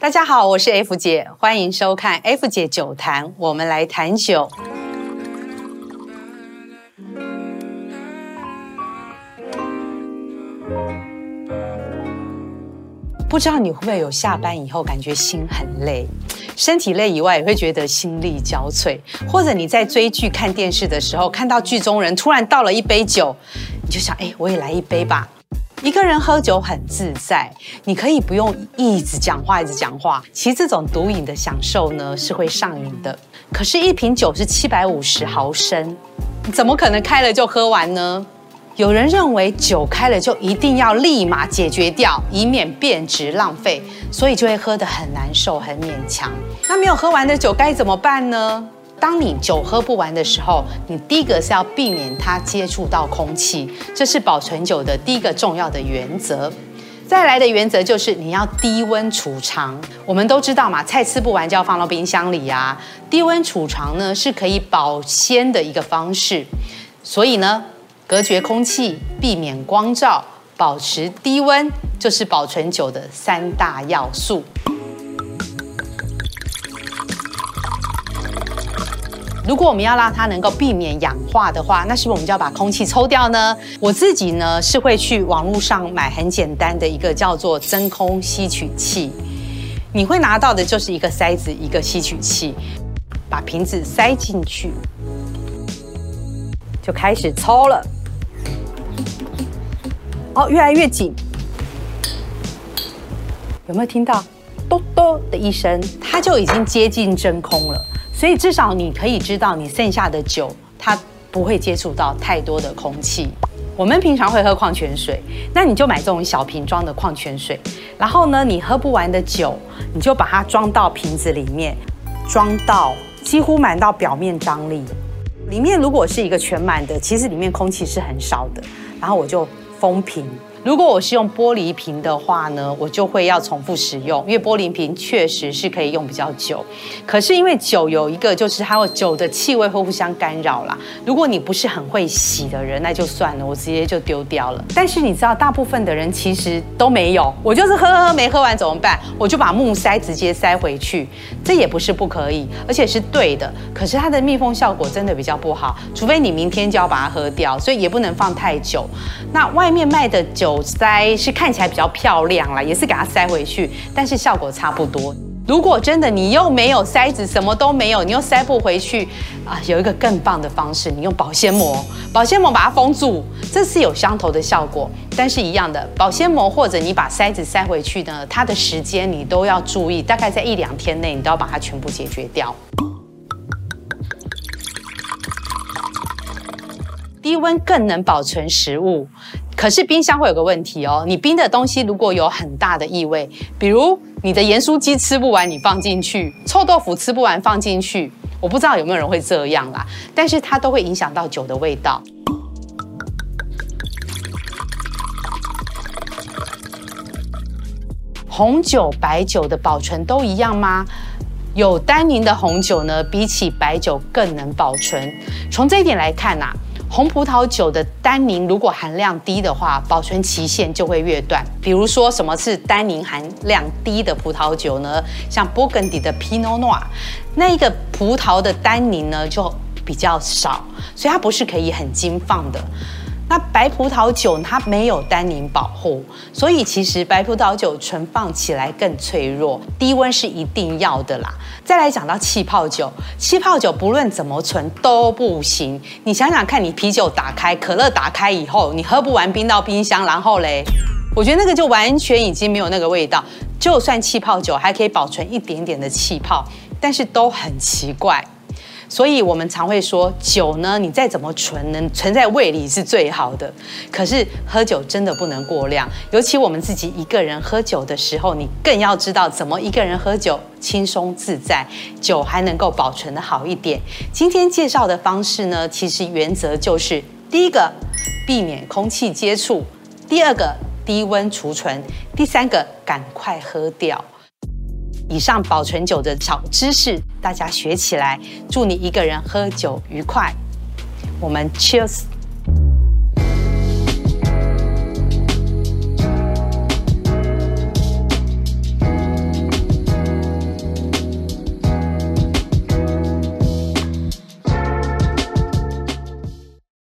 大家好，我是 F 姐，歡迎收看 F 姐酒譚，我們來談酒。不知道你會不會有下班以後感覺心很累，身體累以外，也會覺得心力交瘁，或者你在追劇看電視的時候，看到劇中人突然倒了一杯酒，你就想，哎，我也來一杯吧。一個人喝酒很自在，你可以不用一直講話，一直講話。其實這種獨飲的享受呢，是會上癮的。可是，一瓶酒是七百五十毫升，怎麼可能開了就喝完呢？有人認為酒開了就一定要立馬解決掉，以免變質浪費，所以就會喝得很難受、很勉強。那沒有喝完的酒該怎麼辦呢？當你酒喝不完的時候，你第一個是要避免它接觸到空氣，這是保存酒的第一個重要的原則。再來的原則就是你要低溫儲藏。我們都知道嘛，菜吃不完就要放到冰箱裡啊。低溫儲藏呢是可以保鮮的一個方式。所以呢，隔絕空氣，避免光照，保持低溫，就是保存酒的三大要素。如果我們要讓它能夠避免氧化的話，那是不是我們就要把空氣抽掉呢？我自己呢是會去網絡上買很簡單的一個叫做真空吸取器，你會拿到的就是一個塞子、一個吸取器，把瓶子塞進去，就開始抽了。哦，越來越緊。有沒有聽到？嘟嘟的一聲，它就已經接近真空了，所以至少你可以知道你剩下的酒，它不會接觸到太多的空氣。我們平常會喝礦泉水，那你就買這種小瓶裝的礦泉水，然後呢，你喝不完的酒，你就把它裝到瓶子裡面，裝到幾乎滿到表面張力。裡面如果是一個全滿的，其實裡面空氣是很少的，然後我就封瓶。如果我是用玻璃瓶的話呢，我就會要重複使用，因為玻璃瓶確實是可以用比較久。可是因為酒有一個，就是還有酒的氣味會互相干擾啦。如果你不是很會洗的人，那就算了，我直接就丟掉了。但是你知道，大部分的人其實都沒有，我就是喝喝喝沒喝完怎麼辦？我就把木塞直接塞回去，這也不是不可以，而且是對的。可是它的密封效果真的比較不好，除非你明天就要把它喝掉，所以也不能放太久。那外面賣的酒塞是看起來比較漂亮啦，也是給它塞回去，但是效果差不多。如果真的你又沒有塞子，什麼都沒有，你又塞不回去啊，有一個更棒的方式，你用保鮮膜，保鮮膜把它封住，這是有相同的效果。但是一樣的，保鮮膜或者你把塞子塞回去呢，它的時間你都要注意，大概在一兩天內，你都要把它全部解決掉。低溫更能保存食物。可是冰箱會有個問題哦，你冰的東西如果有很大的異味，比如你的鹽酥雞吃不完你放進去，臭豆腐吃不完放進去，我不知道有沒有人會這樣啦，但是它都會影響到酒的味道。紅酒、白酒的保存都一樣嗎？有單寧的紅酒呢，比起白酒更能保存。從這一點來看吶、啊。紅葡萄酒的單寧如果含量低的話，保存期限就會越短。比如說，什麼是單寧含量低的葡萄酒呢？像波根第的皮諾諾，那一個葡萄的單寧呢就比較少，所以它不是可以很經放的。那白葡萄酒它沒有單寧保護，所以其實白葡萄酒存放起來更脆弱，低溫是一定要的啦。再來講到氣泡酒，氣泡酒不論怎麼存都不行。你想想看，你啤酒打開，可樂打開以後，你喝不完，冰到冰箱，然後嘞，我覺得那個就完全已經沒有那個味道。就算氣泡酒還可以保存一點點的氣泡，但是都很奇怪。所以，我們常會說酒呢，你再怎麼存，能存在胃裡是最好的。可是，喝酒真的不能過量，尤其我們自己一個人喝酒的時候，你更要知道怎麼一個人喝酒輕鬆自在，酒還能夠保存得好一點。今天介紹的方式呢，其實原則就是：第一個，避免空氣接觸；第二個，低溫儲存；第三個，趕快喝掉。以上保存酒的小知識，大家學起來。祝你一個人喝酒愉快，我們 cheers。